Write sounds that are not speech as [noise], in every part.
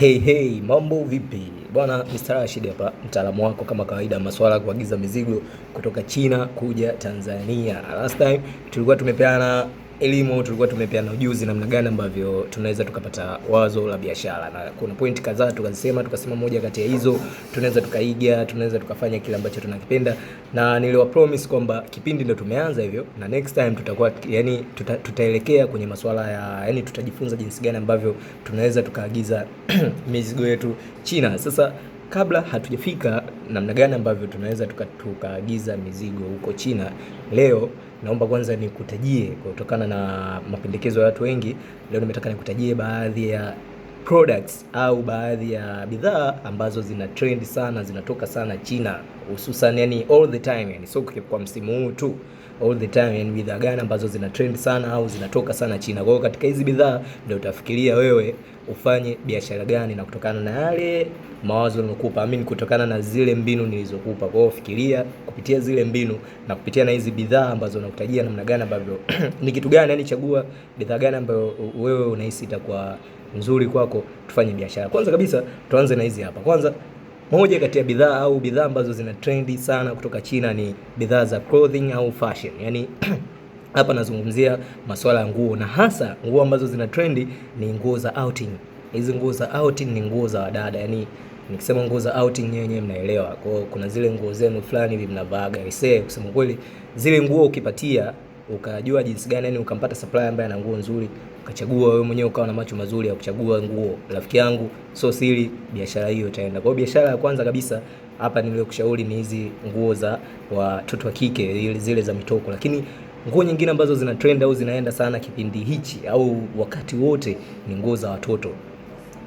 Hey, hey, mambo vipi bwana? Mr. Rashid hapa, mtaalamu wako kama kawaida, masuala ya kuagiza mizigo kutoka China kuja Tanzania. Last time tulikuwa tumepeana elimu, tulikuwa tumepeana ujuzi namna gani ambavyo tunaweza tukapata wazo la biashara, na kuna point kadhaa tukazisema, tukasema moja kati ya hizo tunaweza tukaiga, tunaweza tukafanya kile ambacho tunakipenda, na niliwa promise kwamba kipindi ndo tumeanza hivyo, na next time tutakuwa yani tuta, tutaelekea kwenye masuala ya yani tutajifunza jinsi gani ambavyo tunaweza tukaagiza [clears throat] mizigo yetu China. Sasa kabla hatujafika namna gani ambavyo tunaweza tukaagiza tuka mizigo huko China leo naomba kwanza nikutajie kutokana na mapendekezo ya watu wengi. Leo nimetaka nikutajie baadhi ya products au baadhi ya bidhaa ambazo zina trend sana, zinatoka sana China hususan, yani all the time, yani sio kwa msimu huu tu, all the time, yani bidhaa gani ambazo zina trend sana au zinatoka sana China. Kwa hiyo katika hizi bidhaa ndio utafikiria wewe ufanye biashara gani, na kutokana na yale mawazo nilikupa, amini kutokana na zile mbinu nilizokupa. Kwa hiyo fikiria kupitia zile mbinu na kupitia na hizi bidhaa ambazo nakutajia, namna gani ambavyo [clears throat] ni kitu gani, yani chagua bidhaa gani ambayo wewe unahisi itakuwa nzuri kwako, tufanye biashara. Kwanza kabisa tuanze na hizi hapa. Kwanza moja kati ya bidhaa au bidhaa ambazo zina trendi sana kutoka China ni bidhaa za clothing au fashion, yani [clears throat] hapa nazungumzia masuala ya nguo na hasa nguo ambazo zina trendi ni nguo za outing hizi nguo za outing ni nguo za wadada, yani nikisema nguo za outing yenyewe mnaelewa. Kwa hiyo kuna zile nguo zenu fulani hivi mnavaaga isee, kusema kweli zile nguo ukipatia ukajua jinsi gani, yani ukampata supplier ambaye ana nguo nzuri, ukachagua wewe mwenyewe, ukawa na macho mazuri ya kuchagua nguo, rafiki yangu, so siri biashara hiyo itaenda. Kwa hiyo biashara ya kwanza kabisa hapa niliyokushauri ni hizi nguo za watoto wa kike, zile za mitoko, lakini nguo nyingine ambazo zina trend au zinaenda sana kipindi hichi au wakati wote ni nguo za watoto.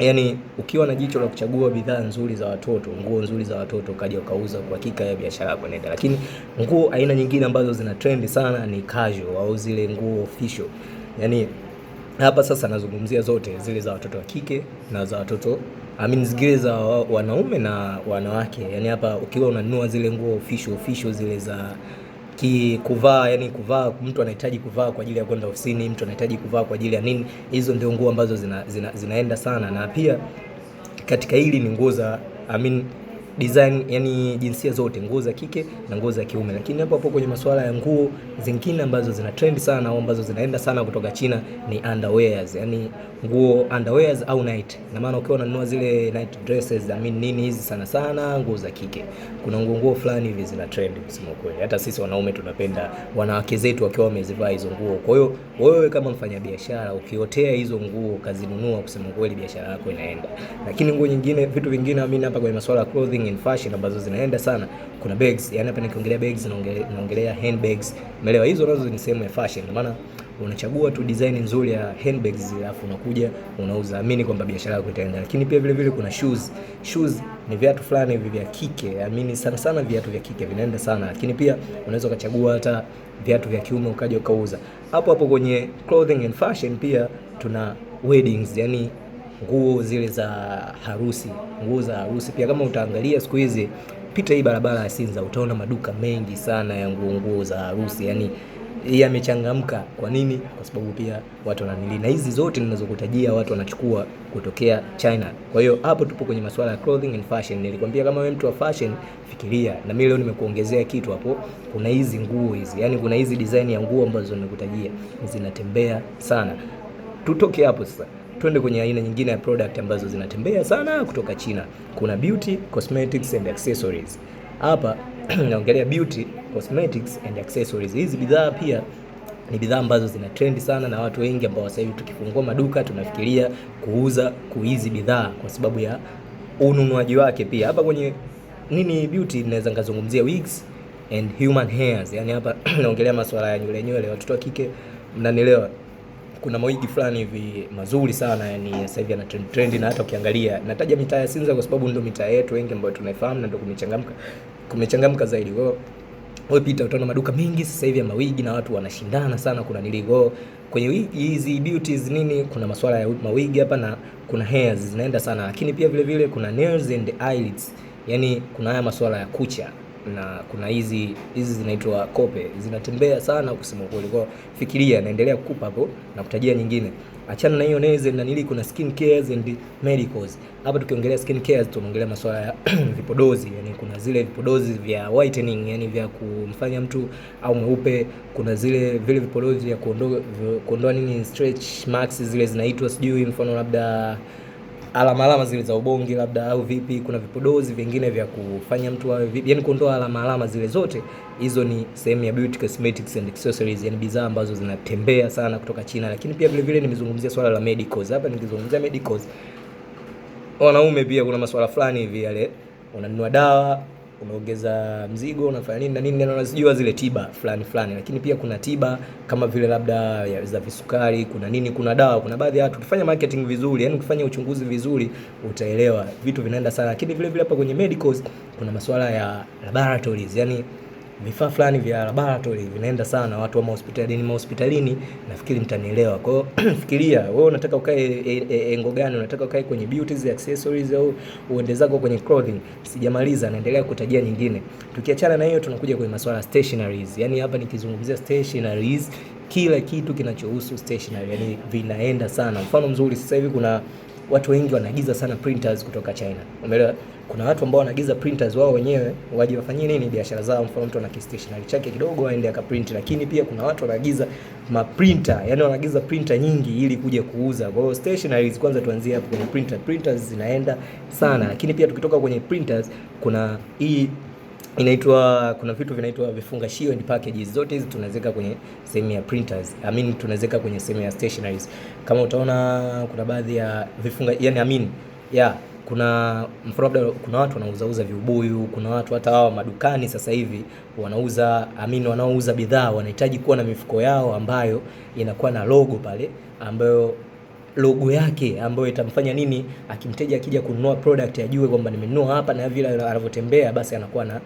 Yaani ukiwa na jicho la kuchagua bidhaa nzuri za watoto, nguo nzuri za watoto, kaja ukauza, kwa hakika ya biashara yako inaenda. Lakini nguo aina nyingine ambazo zina trend sana ni casual au zile nguo official, Yaani hapa sasa nazungumzia zote zile za watoto wa kike na za watoto I mean zile za wanaume na wanawake. Yaani hapa ukiwa unanunua zile nguo official official zile za kuvaa, yani kuvaa, mtu anahitaji kuvaa kwa ajili ya kwenda ofisini, mtu anahitaji kuvaa kwa ajili ya nini. Hizo ndio nguo ambazo zina, zina, zinaenda sana, na pia katika hili ni nguo za I mean, design, yani jinsia zote, nguo za kike na nguo za kiume. Lakini hapo hapo kwenye masuala ya nguo zingine ambazo zina trend sana au ambazo zinaenda sana kutoka China ni underwears, yani nguo underwears au night. Na maana ukiwa unanunua zile night dresses, I mean nini hizi sana sana nguo za kike. Kuna nguo nguo fulani hivi zina trend kusema kweli. Hata sisi wanaume tunapenda wanawake zetu wakiwa wamezivaa hizo nguo. Kwa hiyo wewe kama mfanyabiashara ukiotea hizo nguo ukazinunua, kusema kweli biashara yako inaenda. Lakini nguo nyingine, vitu vingine, amini hapa kwenye masuala ya clothing marketing and fashion ambazo zinaenda sana. Kuna bags, yani hapa nikiongelea bags naongelea handbags. Umeelewa? Hizo nazo ni sehemu ya fashion. Maana unachagua tu design nzuri ya handbags alafu unakuja unauza, amini kwamba biashara yako itaenda. Lakini pia vile vile kuna shoes. Shoes ni viatu fulani hivi vya kike, amini sana sana viatu vya kike vinaenda sana, lakini pia unaweza ukachagua hata viatu vya kiume ukaja ukauza hapo hapo. Kwenye clothing and fashion pia tuna weddings, yani nguo zile za harusi, nguo za harusi pia. Kama utaangalia siku hizi, pita hii barabara ya Sinza, utaona maduka mengi sana ya nguo, nguo za harusi yani hii amechangamka. Kwa nini? Kwa sababu pia watu wananili, na hizi zote ninazokutajia watu wanachukua kutokea China. Kwa hiyo hapo tupo kwenye masuala ya clothing and fashion. Nilikwambia kama wewe mtu wa fashion, fikiria na mimi leo nimekuongezea kitu hapo. Kuna hizi nguo hizi, yani kuna hizi design ya nguo ambazo nimekutajia zinatembea sana. Tutoke hapo sasa. Twende kwenye aina nyingine ya product ambazo zinatembea sana kutoka China. Kuna beauty, cosmetics and accessories. Hapa [clears throat] naongelea beauty, cosmetics and accessories. Hizi bidhaa pia ni bidhaa ambazo zina trend sana na watu wengi ambao sasa hivi tukifungua maduka tunafikiria kuuza kuizi bidhaa kwa sababu ya ununuaji wake. Pia hapa kwenye nini beauty, naweza ngazungumzia wigs and human hairs. Yaani hapa [clears throat] naongelea masuala ya nywele nywele, watoto wa kike, mnanielewa kuna mawigi fulani hivi mazuri sana yani, sasa hivi yana trend trend, na hata ukiangalia, nataja mitaa ya Sinza kwa sababu ndio mitaa yetu wengi ambayo tunaifahamu na ndio kumechangamka kumechangamka zaidi. Kwa hiyo wewe pita, utaona maduka mengi sasa hivi ya mawigi na watu wanashindana sana, kuna niligo kwenye hizi beauties nini, kuna masuala ya mawigi hapa na kuna hairs zinaenda sana, lakini pia vile vile kuna nails and eyelids, yani kuna haya masuala ya kucha na kuna hizi hizi zinaitwa kope zinatembea sana kusema kweli. Kwa fikiria, naendelea kukupa hapo na kutajia nyingine, achana na hiyo nails na nili, kuna skin cares and medicals. Hapa tukiongelea skin cares, tunaongelea masuala ya [clears throat] vipodozi, yani kuna zile vipodozi vya whitening, yani vya kumfanya mtu au mweupe. Kuna zile vile vipodozi vya kuondoa kuondoa nini, stretch marks zile zinaitwa, sijui mfano labda alama alama zile za ubongi labda au vipi, kuna vipodozi vingine vya kufanya mtu awe vipi, yani kuondoa alama alama zile zote hizo, ni sehemu ya beauty cosmetics and accessories, yani bidhaa ambazo zinatembea sana kutoka China. Lakini pia vile vile nimezungumzia swala la medicals hapa, nikizungumzia medicals wanaume pia kuna masuala fulani hivi yale, unanunua dawa unaongeza mzigo unafanya nini na nini, nazijua zile tiba fulani fulani, lakini pia kuna tiba kama vile labda za visukari, kuna nini, kuna dawa, kuna baadhi ya watu. Ukifanya marketing vizuri, yani ukifanya uchunguzi vizuri, utaelewa vitu vinaenda sana. Lakini vile vile hapa kwenye medicals kuna masuala ya laboratories yani vifaa fulani vya laboratory vinaenda sana watu wa hospitalini hospitalini, nafikiri mtanielewa. Kwa hiyo [clears throat] fikiria wewe unataka ukae e, e, engo gani? Unataka ukae kwenye beauty accessories, au uende zako kwenye clothing? Sijamaliza, naendelea kutajia nyingine. Tukiachana na hiyo, tunakuja kwenye masuala stationaries. Yani hapa nikizungumzia stationaries, kila kitu kinachohusu stationery yani vinaenda sana. Mfano mzuri sasa hivi kuna watu wengi wanaagiza sana printers kutoka China. Umeelewa? Kuna watu ambao wanaagiza printers wao wenyewe waje wafanyie nini biashara zao, mfano mtu ana stationery chake kidogo aende akaprint, lakini pia kuna watu wanaagiza maprinter, yani wanaagiza printer nyingi ili kuja kuuza. Kwa hiyo stationery, kwanza tuanzie hapo kwenye printer. Printers zinaenda sana, lakini pia tukitoka kwenye printers kuna hii inaitwa kuna vitu vinaitwa vifungashio and packages. Zote hizi tunaziweka kwenye sehemu ya printers, I mean tunaziweka kwenye sehemu ya stationaries. Kama utaona kuna baadhi ya vifunga, yani I mean yeah kuna mfano kuna watu wanauzauza viubuyu, kuna watu hata hawa madukani sasa hivi wanauza mean wanaouza bidhaa wanahitaji kuwa na mifuko yao ambayo inakuwa na logo pale ambayo logo yake ambayo itamfanya nini, akimteja akija kununua product ajue kwamba nimenunua hapa, na vile anavyotembea basi anakuwa na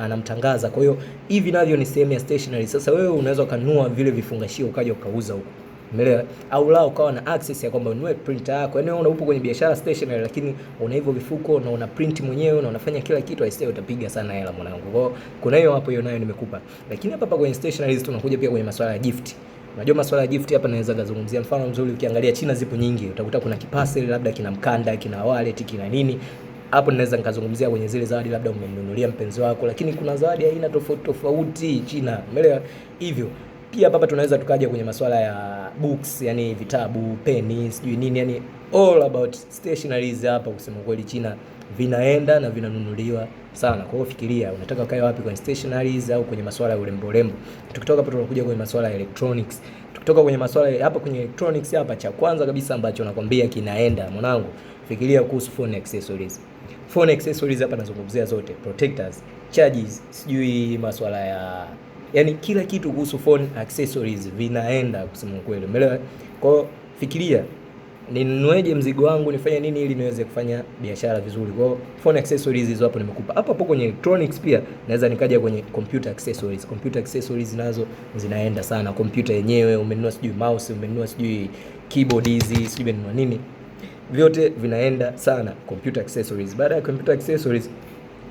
anamtangaza. Kwa hiyo hivi navyo ni sehemu ya stationery. Sasa wewe unaweza ukanunua vile vifungashio ukaja ukauza huko Umeelewa? Au la ukawa na access ya kwamba unue printer yako. Yaani wewe unapo kwenye biashara stationery lakini una hivyo vifuko na una print mwenyewe na unafanya kila kitu aisee utapiga sana hela mwanangu. Kwa hiyo kuna hiyo hapo hiyo nayo nimekupa. Lakini hapa hapa kwenye stationery tunakuja pia kwenye masuala ya gift. Unajua masuala ya gift hapa naweza kuzungumzia mfano mzuri, ukiangalia China zipo nyingi, utakuta kuna kipasel labda kina mkanda, kina wallet, kina nini hapo naweza nikazungumzia kwenye zile zawadi labda umemnunulia mpenzi wako, lakini kuna zawadi aina tofauti tofauti China, umeelewa? Hivyo pia hapa tunaweza tukaja kwenye masuala ya books, yani vitabu, peni, sijui nini, yani all about stationaries hapa, kusema kweli China vinaenda na vinanunuliwa sana. Kwa hiyo fikiria, unataka ukae wapi, kwenye stationaries au kwenye masuala ya urembo rembo? Tukitoka hapo tunakuja kwenye masuala ya electronics. Tukitoka kwenye masuala hapa kwenye electronics hapa, cha kwanza kabisa ambacho nakwambia kinaenda, mwanangu, fikiria kuhusu phone accessories. Phone accessories hapa nazungumzia zote, protectors, charges, sijui masuala ya yani kila kitu kuhusu phone accessories vinaenda, kusema kweli, umeelewa? Kwa hiyo fikiria ninunueje mzigo wangu, nifanye nini ili niweze kufanya biashara vizuri. Kwa phone accessories hizo hapo nimekupa. Hapo hapo kwenye electronics pia naweza nikaja kwenye computer accessories. Computer accessories nazo zinaenda sana. Computer yenyewe umenunua, sijui mouse umenunua, sijui keyboard hizi, sijui umenunua nini, vyote vinaenda sana computer accessories. Baada ya computer accessories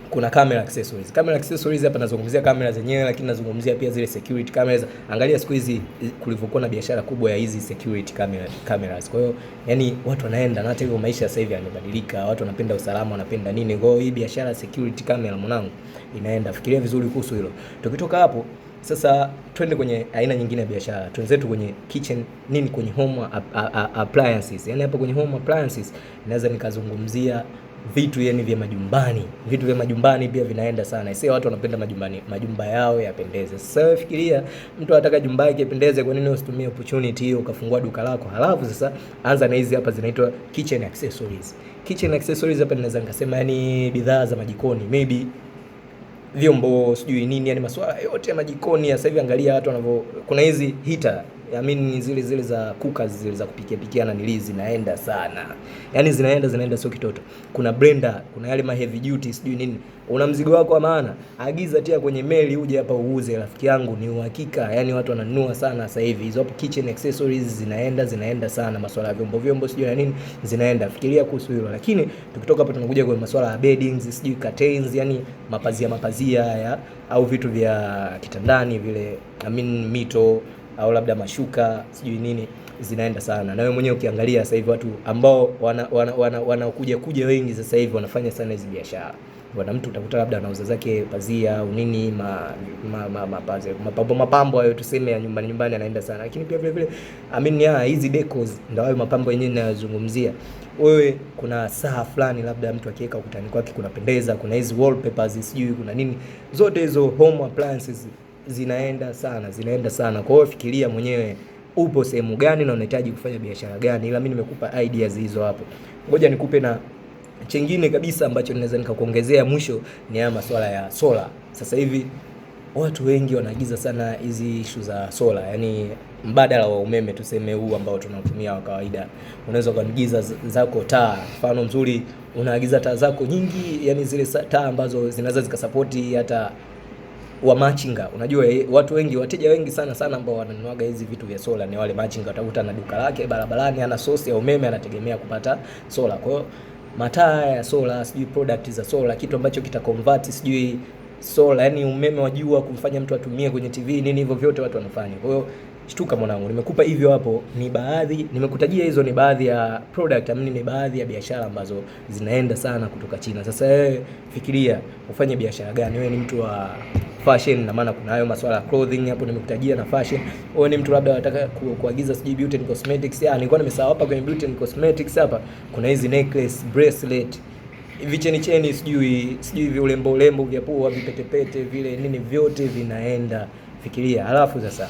kuna camera accessories. Camera accessories hapa nazungumzia kamera zenyewe, lakini nazungumzia pia zile security cameras. Angalia siku hizi eh, kulivyokuwa na biashara kubwa ya hizi security camera, cameras. Kwa hiyo yani watu wanaenda na hata hivyo maisha sasa hivi yamebadilika, watu wanapenda usalama, wanapenda nini. Kwa hiyo hii biashara security camera mwanangu inaenda. Fikiria vizuri kuhusu hilo. Tukitoka hapo sasa twende kwenye aina nyingine ya biashara, twende zetu kwenye kitchen nini, kwenye home appliances. Yani hapo kwenye home appliances naweza nikazungumzia vitu yani vya majumbani, vitu vya majumbani pia vinaenda sana. Sio watu wanapenda majumbani, majumba yao yapendeze. Sasa wewe fikiria, mtu anataka jumba yake yapendeze, kwa nini usitumie opportunity hiyo ukafungua duka lako? Halafu sasa anza na hizi hapa zinaitwa kitchen accessories. Kitchen accessories hapa ninaweza nikasema yani bidhaa za majikoni maybe vyombo sijui nini, yani masuala yote ya majikoni. Sasa hivi angalia watu wanavyo, kuna hizi heater I mean ni zile zile za cookers zile za kupikia pikia na nili zinaenda sana. Yaani zinaenda zinaenda sio kitoto. Kuna blender, kuna yale ma heavy duty sijui nini. Una mzigo wako wa maana, agiza tia kwenye meli uje hapa uuze rafiki yangu ni uhakika. Yaani watu wananunua sana sasa hivi. Hizo hapo kitchen accessories zinaenda zinaenda sana, masuala ya vyombo vyombo sijui na nini zinaenda. Fikiria kuhusu hilo. Lakini tukitoka hapo tunakuja kwenye masuala ya beddings, sijui curtains, yani mapazia mapazia ya au vitu vya kitandani vile, I mean mito au labda mashuka sijui nini zinaenda sana. Na wewe mwenyewe ukiangalia sasa hivi watu ambao wanakuja wana, wana, wana kuja wengi sasa hivi wanafanya sana hizi biashara bwana. Mtu utakuta labda anauza zake pazia au nini ma, ma, ma, ma, mapambo mapambo hayo tuseme ya nyumbani nyumbani anaenda sana, lakini pia vile vile I mean ya hizi decos ndio hayo mapambo yenyewe ninayozungumzia. Wewe kuna saa fulani labda mtu akiweka ukutani kwake kunapendeza, kuna hizi wallpapers sijui kuna nini, zote hizo home appliances zinaenda sana, zinaenda sana. Kwa hiyo fikiria mwenyewe upo sehemu gani na unahitaji kufanya biashara gani, ila mimi nimekupa ideas hizo hapo. Ngoja nikupe na chengine kabisa ambacho ninaweza nikakuongezea mwisho ni haya masuala ya sola. Sasa hivi watu wengi wanaagiza sana hizi issue za sola, yani mbadala wa umeme tuseme huu ambao tunatumia wa kawaida. Unaweza ukaagiza zako taa, mfano mzuri, unaagiza taa zako nyingi, yani zile taa ambazo zinaweza zikasapoti hata wa machinga. Unajua eh, watu wengi, wateja wengi sana sana ambao wananunuaga hizi vitu vya sola ni wale machinga. Utakuta na duka lake barabarani, ana sosi ya umeme, anategemea kupata sola. Kwa hiyo mataa ya sola, sijui product za sola, kitu ambacho kita convert sijui sola, yani umeme wa jua kumfanya mtu atumie kwenye TV nini, hivyo vyote watu wanafanya. Kwa hiyo Shtuka mwanangu, nimekupa hivyo hapo. Ni baadhi nimekutajia hizo, ni baadhi ya product amini, ni baadhi ya biashara ambazo zinaenda sana kutoka China. Sasa wewe eh, fikiria ufanye biashara gani? Wewe ni mtu wa fashion, na maana kuna hayo masuala ya clothing hapo nimekutajia na fashion. Wewe ni mtu labda unataka ku, kuagiza sijui beauty and cosmetics. Ah, nilikuwa nimesahau hapa kwenye beauty and cosmetics hapa kuna hizi necklace, bracelet vicheni cheni sijui sijui viulembo lembo vya pua vipetepete vile nini vyote vinaenda, fikiria. alafu sasa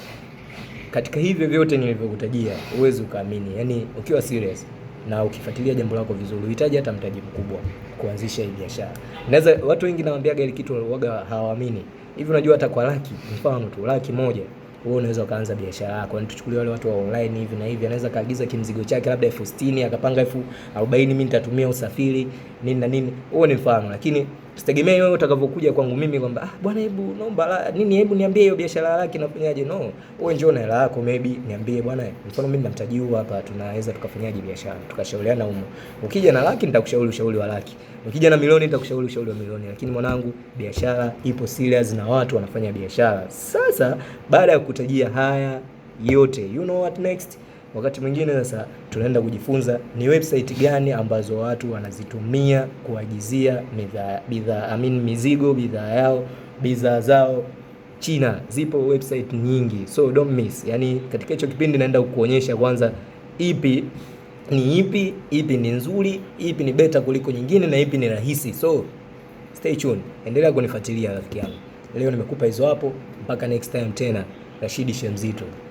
katika hivyo vyote nilivyokutajia, huwezi ukaamini. Yani ukiwa serious na ukifuatilia jambo lako vizuri, uhitaji hata mtaji mkubwa kuanzisha hii biashara. Naweza watu wengi nawaambiaga ile kitu waga hawaamini hivi. Unajua hata kwa laki, mfano tu laki moja wewe unaweza kuanza biashara yako. Yani tuchukulie wale watu wa online hivi na hivi, anaweza kaagiza kimzigo chake labda elfu sitini akapanga elfu arobaini mimi nitatumia usafiri nini na nini. Huo ni mfano, lakini Sitegemee wewe utakavyokuja kwangu mimi kwamba ah, bwana, hebu naomba la nini, hebu niambie hiyo biashara yako inafanyaje. No, wewe njoo na hela yako, maybe niambie bwana, mfano mimi namtaji mtaji huu hapa, tunaweza tukafanyaje biashara, tukashauriana humo. Ukija na laki, nitakushauri ushauri wa laki, ukija na milioni, nitakushauri ushauri wa milioni. Lakini mwanangu, biashara ipo serious na watu wanafanya biashara. Sasa baada ya kutajia haya yote, you know what next Wakati mwingine sasa tunaenda kujifunza ni website gani ambazo watu wanazitumia kuagizia bidhaa, I mean mizigo, bidhaa yao, bidhaa zao China. Zipo website nyingi, so don't miss. Yani katika hicho kipindi naenda kukuonyesha kwanza ipi e ni ipi, e ipi e ni nzuri, ipi ni beta kuliko nyingine na ipi ni rahisi. So stay tuned, endelea kunifuatilia rafiki yangu. Leo nimekupa hizo hapo, mpaka next time tena. Rashidi Shemzito.